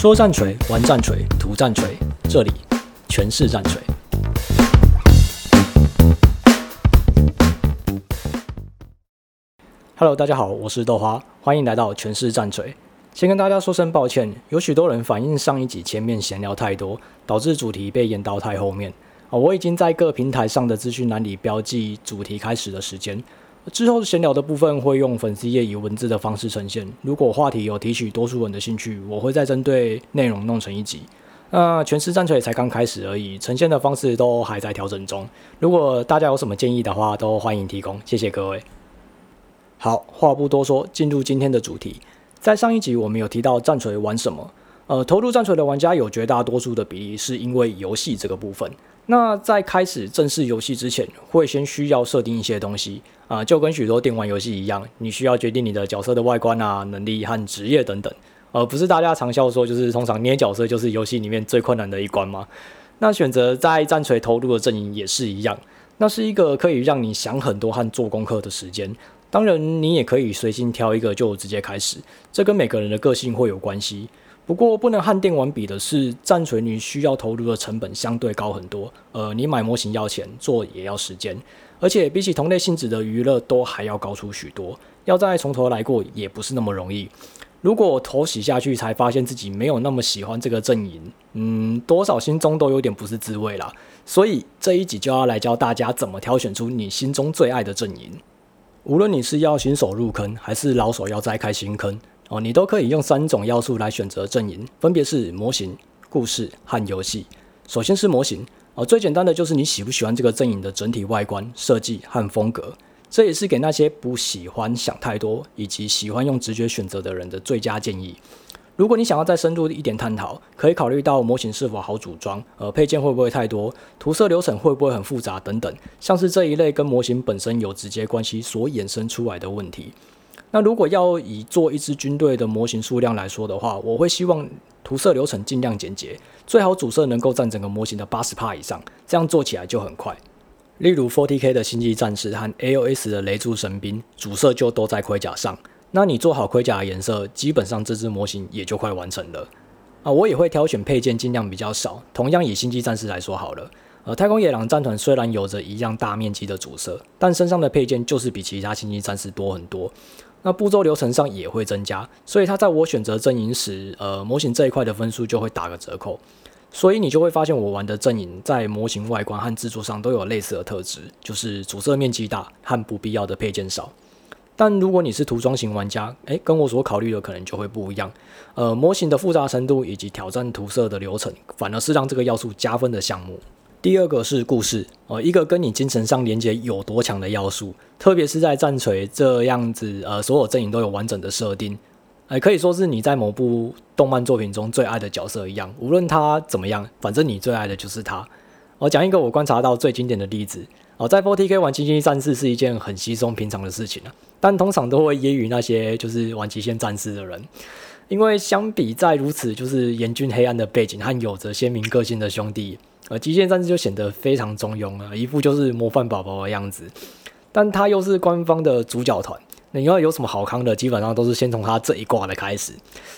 說戰鎚，玩戰鎚，塗戰鎚，這裡全是戰鎚。Hello，大家好，我是豆花，歡迎來到全視戰鎚。先跟大家說聲抱歉，有許多人反映上一集前面閒聊太多，導致主題被延到太後面。啊、哦，我已經在各平台上的資訊欄裡標記主題開始的時間。之後閒聊的部分會用粉絲頁以文字的方式呈現。如果話題有提取多數人的興趣，我會再針對內容弄成一集。那、呃、全視戰鎚才剛開始而已，呈現的方式都還在調整中。如果大家有什麼建議的話，都歡迎提供。謝謝各位。好，話不多說，進入今天的主題。在上一集我們有提到戰鎚玩什麼？呃，投入戰鎚的玩家有絕大多數的比例是因為遊戲這個部分。那在開始正式遊戲之前，會先需要設定一些東西啊、呃，就跟許多電玩遊戲一樣，你需要決定你的角色的外觀啊、能力和職業等等，而、呃、不是大家常笑說就是通常捏角色就是遊戲裡面最困難的一關嗎？那選擇在戰鎚投入的陣營也是一樣，那是一個可以讓你想很多和做功課的時間，當然你也可以隨心挑一個就直接開始，這跟每個人的個性會有關係。不過不能和電玩比的是，戰錘女需要投入的成本相對高很多。呃，你買模型要錢，做也要時間，而且比起同類性質的娛樂都還要高出許多。要再從頭來過也不是那麼容易。如果頭洗下去才發現自己沒有那麼喜歡這個陣營，嗯，多少心中都有點不是滋味啦。所以這一集就要來教大家怎麼挑選出你心中最愛的陣營。無論你是要新手入坑，還是老手要再開新坑。哦，你都可以用三種要素來選擇陣營，分別是模型、故事和遊戲。首先是模型，哦，最簡單的就是你喜不喜歡這個陣營的整體外觀設計和風格。這也是給那些不喜歡想太多以及喜歡用直覺選擇的人的最佳建議。如果你想要再深入一點探討，可以考慮到模型是否好組裝，呃，配件會不會太多，塗色流程會不會很複雜等等，像是這一類跟模型本身有直接關係所衍生出來的問題。那如果要以做一支軍隊的模型數量來說的話，我會希望塗色流程盡量簡潔，最好主色能夠占整個模型的80%以上，這樣做起來就很快。例如 40K 的星際戰士和 AOS 的雷鑄神兵，主色就都在盔甲上。那你做好盔甲的顏色，基本上這支模型也就快完成了。啊，我也會挑選配件盡量比較少。同樣以星際戰士來說好了，呃，太空野狼戰團雖然有着一樣大面積的主色，但身上的配件就是比其他星際戰士多很多。那步驟流程上也會增加，所以他在我選擇陣營時，呃，模型這一塊的分數就會打個折扣。所以你就會發現我玩的陣營在模型外觀和製作上都有類似的特質，就是主色面積大和不必要的配件少。但如果你是塗裝型玩家，哎，跟我所考慮的可能就會不一樣。呃，模型的複雜程度以及挑戰塗色的流程，反而是讓這個要素加分的項目。第二個是故事哦、呃，一個跟你精神上連接有多強的要素，特別是在戰鎚這樣子，呃，所有陣營都有完整的設定，哎、呃，可以說是你在某部動漫作品中最愛的角色一樣，無論他怎麼樣，反正你最愛的就是他。我、呃、講一個我觀察到最經典的例子哦、呃，在 40K 玩極限戰士是一件很稀鬆平常的事情了、啊，但通常都會揶揄那些就是玩極限戰士的人，因為相比在如此就是嚴峻黑暗的背景和有着鮮明個性的兄弟。呃，極限戰士就顯得非常中庸啊，一副就是模範寶寶的樣子，但他又是官方的主角團，你要有什麼好康的，基本上都是先從他這一掛的開始，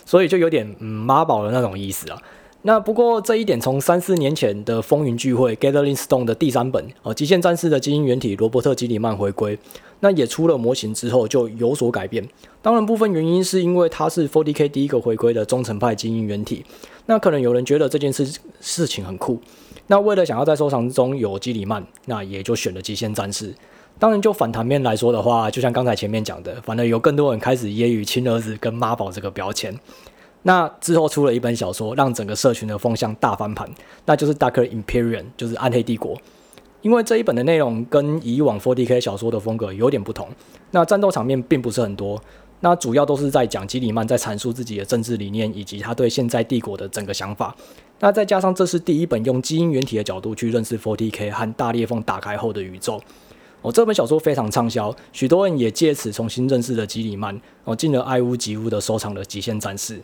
所以就有點嗯媽寶的那種意思啊。那不過這一點，從三四年前的風雲聚會《Gathering Stone》的第三本哦、呃，極限戰士的基因原體羅伯特·基里曼回歸。那也出了模型之後就有所改變，當然部分原因是因為它是 40K 第一個回歸的忠誠派精英原體，那可能有人覺得這件事事情很酷，那為了想要在收藏中有基里曼，那也就選了極限戰士。當然就反彈面來說的話，就像剛才前面講的，反而有更多人開始揶揄“親兒子”跟“媽寶”這個標籤。那之後出了一本小說，讓整個社群的風向大翻盤，那就是《Dark Imperium》，就是《暗黑帝國》。因為這一本的內容跟以往《40K》小說的風格有點不同，那戰鬥場面並不是很多，那主要都是在講基里曼在闡述自己的政治理念以及他對現在帝國的整個想法。那再加上這是第一本用基因原體的角度去認識《40K》和大裂縫打開後的宇宙。哦，這本小說非常暢銷，許多人也借此重新認識了基里曼，哦，進了愛屋及烏的收藏了《極限戰士》。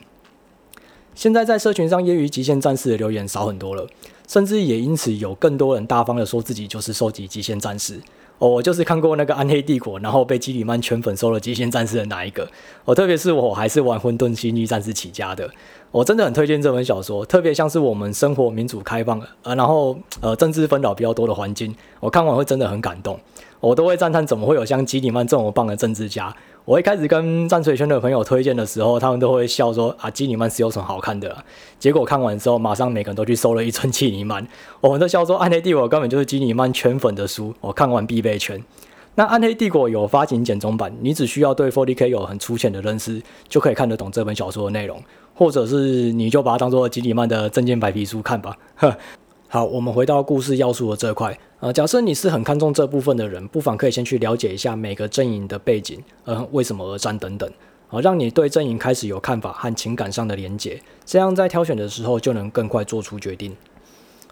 現在在社群上，業餘《極限戰士》的留言少很多了。甚至也因此有更多人大方的說自己就是收集《極限戰士》，哦，我就是看過那個《暗黑帝國》，然後被基里曼全粉收了《極限戰士》的那一個。我、哦、特別是我還是玩《混沌星際戰士》起家的，我、哦、真的很推薦這本小說。特別像是我們生活民主開放，呃，然後呃政治紛擾比較多的環境，我、哦、看完會真的很感動、哦，我都會讚嘆怎麼會有像基里曼這麼棒的政治家。我一開始跟戰錘圈的朋友推薦的時候，他們都會笑說啊，基尼曼是有什麼好看的、啊？結果看完之後，馬上每個人都去搜了一尊基尼曼。我們都笑說《暗黑帝國》根本就是基尼曼圈粉的書，我看完必備圈。那《暗黑帝國》有發行簡中版，你只需要對 Forty K 有很粗淺的認識，就可以看得懂這本小說的內容，或者是你就把它當做基尼曼的政見白皮書看吧。呵好，我們回到故事要素的這塊，呃，假設你是很看重這部分的人，不妨可以先去了解一下每個陣營的背景，呃，為什麼而戰等等，好、呃，讓你對陣營開始有看法和情感上的連結，這樣在挑選的時候就能更快做出決定。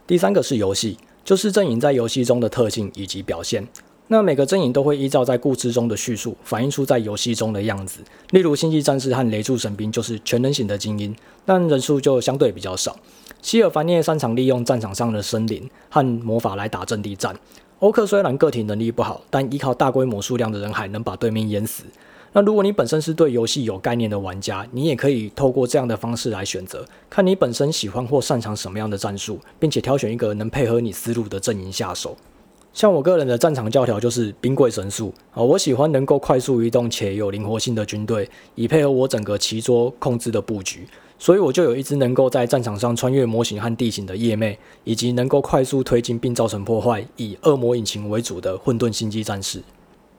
第三個是遊戲，就是陣營在遊戲中的特性以及表現。那每個陣營都會依照在故事中的敘述，反映出在遊戲中的樣子。例如星際戰士和雷鑄神兵就是全能型的精英，但人數就相對比較少。希爾凡涅擅長利用戰場上的森林和魔法來打陣地戰。歐克雖然個體能力不好，但依靠大規模數量的人海能把對面淹死。那如果你本身是對遊戲有概念的玩家，你也可以透過這樣的方式來選擇，看你本身喜歡或擅長什麼樣的戰術，並且挑選一個能配合你思路的陣營下手。像我個人的戰場教條就是兵貴神速啊，我喜歡能夠快速移動且有靈活性的軍隊，以配合我整個棋桌控制的布局。所以我就有一支能夠在戰場上穿越模型和地形的夜魅，以及能夠快速推進並造成破壞以惡魔引擎為主的混沌星際戰士。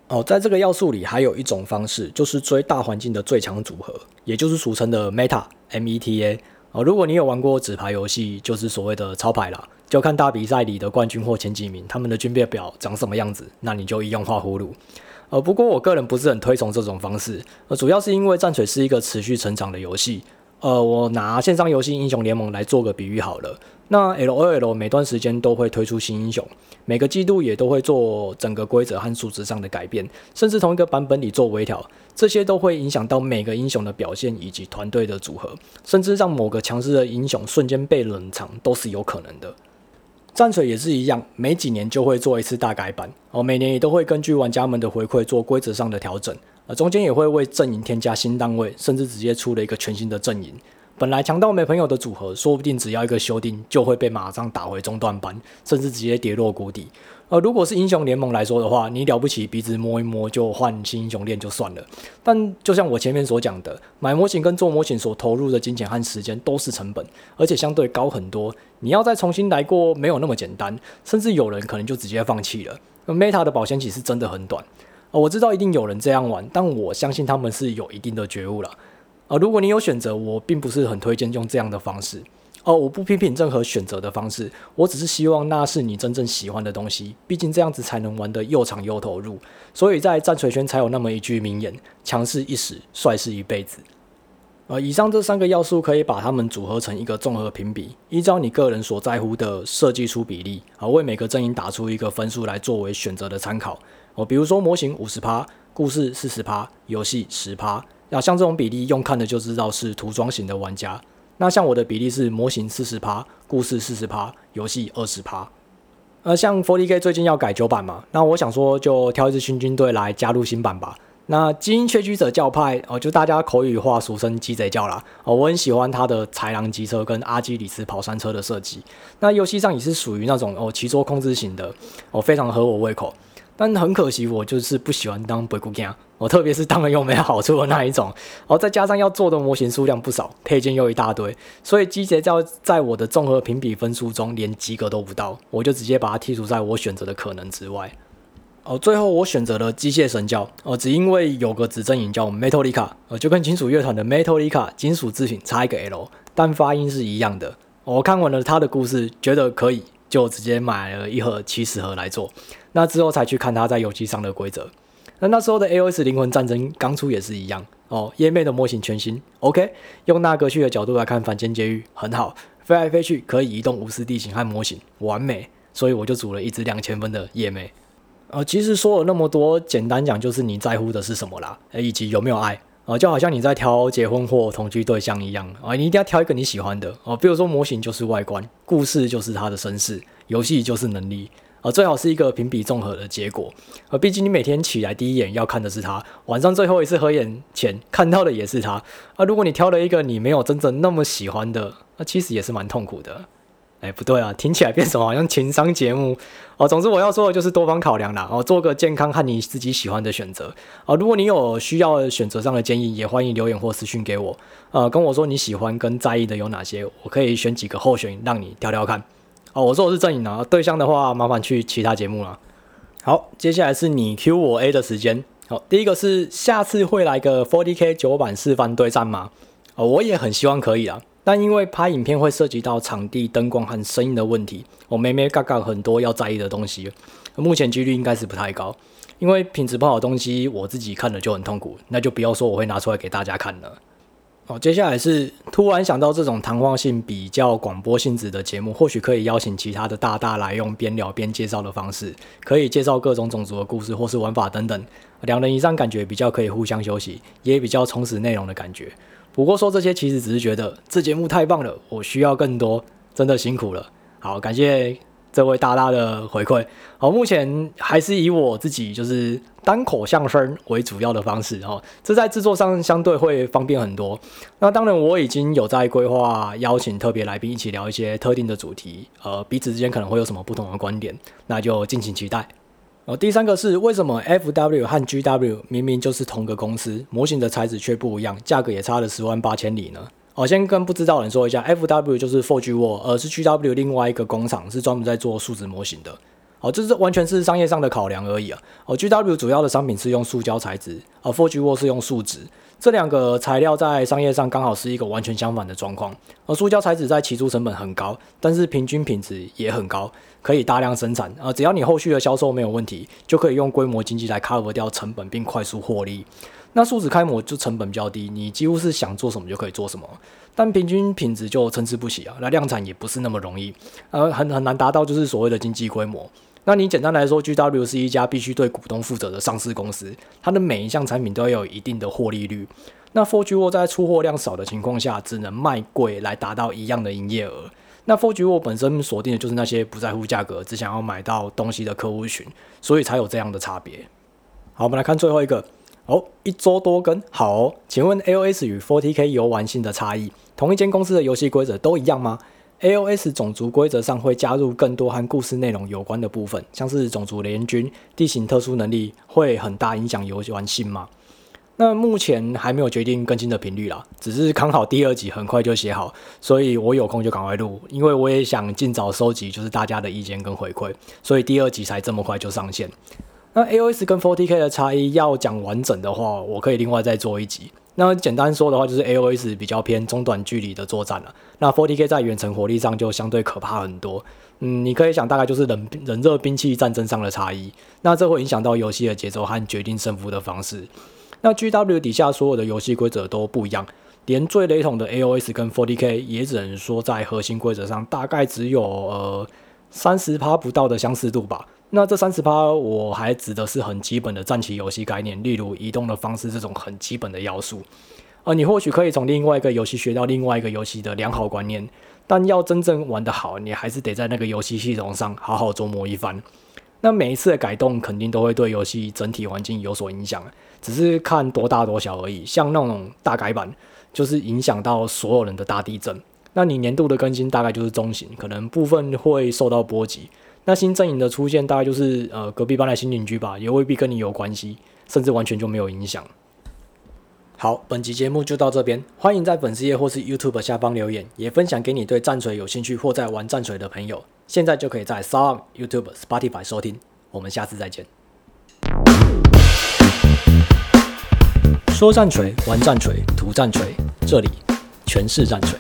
哦，在這個要素裡還有一種方式，就是追大環境的最強組合，也就是俗稱的 meta meta。哦，如果你有玩過紙牌遊戲，就是所謂的抄牌啦，就看大比賽裡的冠軍或前幾名，他們的軍備表長什麼樣子，那你就依樣畫葫蘆。呃、哦，不過我個人不是很推崇這種方式，呃，主要是因為戰錘是一個持續成長的遊戲。呃，我拿線上遊戲《英雄聯盟》來做個比喻好了。那 LOL 每段時間都會推出新英雄，每個季度也都會做整個規則和數值上的改變，甚至同一個版本裡做微調，這些都會影響到每個英雄的表現以及團隊的組合，甚至讓某個強勢的英雄瞬間被冷藏都是有可能的。戰錘也是一樣，每幾年就會做一次大改版，哦，每年也都會根據玩家們的回饋做規則上的調整。呃，中間也會為陣營添加新單位，甚至直接出了一個全新的陣營。本來強到沒朋友的組合，說不定只要一個修訂，就會被馬上打回中段班，甚至直接跌落谷底。而、呃、如果是英雄聯盟來說的話，你了不起，鼻子摸一摸就換新英雄練就算了。但就像我前面所講的，買模型跟做模型所投入的金錢和時間都是成本，而且相對高很多。你要再重新來過，沒有那麼簡單。甚至有人可能就直接放棄了。那 Meta 的保鮮期是真的很短。哦，我知道一定有人這樣玩，但我相信他們是有一定的覺悟了。呃、哦、如果你有選擇，我並不是很推薦用這樣的方式。哦，我不批評任何選擇的方式，我只是希望那是你真正喜歡的東西，畢竟這樣子才能玩得又長又投入。所以在戰鎚圈才有那麼一句名言：強勢一時，帥是一輩子。呃、哦，以上這三個要素可以把它們組合成一個綜合評比，依照你個人所在乎的設計出比例，啊、哦，為每個陣營打出一個分數來作為選擇的參考。哦，比如說模型五十趴，故事四十趴，遊戲十趴，啊，像這種比例用看的就知道是塗裝型的玩家。那像我的比例是模型四十趴，故事四十趴，遊戲二十趴。呃，像 40K 最近要改九版嘛，那我想說就挑一支新軍隊來加入新版吧。那基因竊取者教派哦、呃，就大家口語化俗稱雞賊教啦。哦、呃，我很喜歡他的豺狼機車跟阿基里斯跑山車的設計。那遊戲上也是屬於那種哦、呃、騎坐控制型的哦、呃，非常合我胃口。但很可惜，我就是不喜歡當白姑娘，我特別是當了又沒好處的那一種。然後再加上要做的模型數量不少，配件又一大堆，所以機械教在我的綜合評比分數中連及格都不到，我就直接把它剔除在我選擇的可能之外。哦，最後我選擇了機械神教，哦，只因為有個子陣營叫 Metalica 就跟金屬樂團的 Metallica 金屬製品差一個 L，但發音是一樣的。我看完了他的故事，覺得可以，就直接買了一盒七十盒來做。那之後才去看他在遊戲上的規則。那那時候的 AOS 靈魂戰爭剛出也是一樣哦。夜魅的模型全新，OK，用那個去的角度來看反間監獄很好，飛來飛去可以移動無視地形和模型，完美。所以我就組了一支兩千分的夜魅。呃，其實說了那麼多，簡單講就是你在乎的是什麼啦，以及有沒有愛啊、呃，就好像你在挑結婚或同居對象一樣啊、呃，你一定要挑一個你喜歡的哦、呃，比如說模型就是外觀，故事就是他的身世，遊戲就是能力。啊，最好是一個評比綜合的結果。呃、啊，畢竟你每天起來第一眼要看的是它，晚上最後一次合眼前看到的也是它。啊，如果你挑了一個你沒有真正那麼喜歡的，那、啊、其實也是蠻痛苦的。誒、欸，不對啊，聽起來變什麼好像情商節目。哦、啊，總之我要說的就是多方考量啦。哦、啊，做個健康和你自己喜歡的選擇。啊，如果你有需要選擇上的建議，也歡迎留言或私訊給我。呃、啊，跟我說你喜歡跟在意的有哪些，我可以選幾個候選讓你挑挑看。哦，我說我是陣營的，對象的話麻煩去其他節目了。好，接下來是你 Q 我 A 的時間。好，第一個是下次會來個 40K 九版示範對戰嗎？哦，我也很希望可以啊，但因為拍影片會涉及到場地、燈光和聲音的問題，我沒沒嘎嘎很多要在意的東西，目前幾率應該是不太高，因為品質不好的東西我自己看了就很痛苦，那就不要說我會拿出來給大家看了。好、哦，接下來是突然想到這種談話性比較廣播性質的節目，或許可以邀請其他的大大來用邊聊邊介紹的方式，可以介紹各種種族的故事或是玩法等等。兩人以上感覺比較可以互相休息，也比較充實內容的感覺。不過說這些其實只是覺得這節目太棒了，我需要更多，真的辛苦了。好，感謝。這位大大的回饋。好、哦，目前還是以我自己就是單口相聲為主要的方式哦，這在制作上相對會方便很多。那當然，我已經有在規劃邀請特別來賓一起聊一些特定的主題，呃，彼此之間可能會有什麼不同的觀點，那就敬請期待。哦，第三個是為什麼 FW 和 GW 明明就是同個公司，模型的材質卻不一樣，價格也差了十萬八千里呢？好，先跟不知道的人說一下，F W 就是 Forge World，呃、是 G W 另外一個工廠，是專門在做樹脂模型的。好、呃，這就是完全是商業上的考量而已啊。哦、呃、G W 主要的商品，是用塑膠材質，而、呃、Forge World 是用樹脂，這兩個材料在商業上剛好是一個完全相反的狀況。而、呃、塑膠材質在起初成本很高，但是平均品質也很高，可以大量生產。呃、只要你後續的銷售沒有問題，就可以用規模經濟來 cover 掉成本，並快速獲利。那樹脂開模就成本比較低，你幾乎是想做什麼就可以做什麼，但平均品質就參差不齊啊。那量產也不是那麼容易，呃，很很難達到就是所謂的經濟規模。那你簡單來說，G W 是一家必須對股東負責的上市公司，它的每一項產品都要有一定的獲利率。那 Forge World 在出貨量少的情況下，只能賣貴來達到一樣的營業額。那 Forge World 本身鎖定的就是那些不在乎價格，只想要買到東西的客戶群，所以才有這樣的差別。好，我們來看最後一個。Oh, 好哦，一周多更好。請問 AOS 與 40K 遊玩性的差異？同一間公司的遊戲規則都一樣嗎？AOS 種族規則上會加入更多和故事內容有關的部分，像是種族聯軍、地形特殊能力，會很大影響遊玩性嗎？那目前還沒有決定更新的頻率啦，只是剛好第二集很快就寫好，所以我有空就趕快錄，因為我也想盡早收集就是大家的意見跟回饋，所以第二集才這麼快就上線。那 AOS 跟 40K 的差異要講完整的話，我可以另外再做一集。那簡單說的話，就是 AOS 比較偏中短距離的作戰了啊，那 40K 在遠程火力上就相對可怕很多。嗯，你可以想大概就是冷冷熱兵器戰爭上的差異，那這會影響到遊戲的節奏和決定勝負的方式。那 GW 底下所有的遊戲規則都不一樣，連最雷同的 AOS 跟 40K 也只能說在核心規則上大概只有呃三十趴不到的相似度吧。那這三十趴，我還指的是很基本的戰棋遊戲概念，例如移動的方式這種很基本的要素。而、呃、你或許可以從另外一個遊戲學到另外一個遊戲的良好觀念，但要真正玩得好，你還是得在那個遊戲系統上好好琢磨一番。那每一次的改動肯定都會對遊戲整體環境有所影響，只是看多大多小而已。像那種大改版，就是影響到所有人的大地震。那你年度的更新大概就是中型，可能部分會受到波及。那新陣營的出現，大概就是呃隔壁搬來新鄰居吧，也未必跟你有關係，甚至完全就沒有影響。好，本集節目就到這邊，歡迎在粉絲頁或是 YouTube 下方留言，也分享給你對戰錘有興趣或在玩戰錘的朋友。現在就可以在 s o u n YouTube、Spotify 收聽。我們下次再見。說戰錘，玩戰錘，圖戰錘，這裡全是戰錘。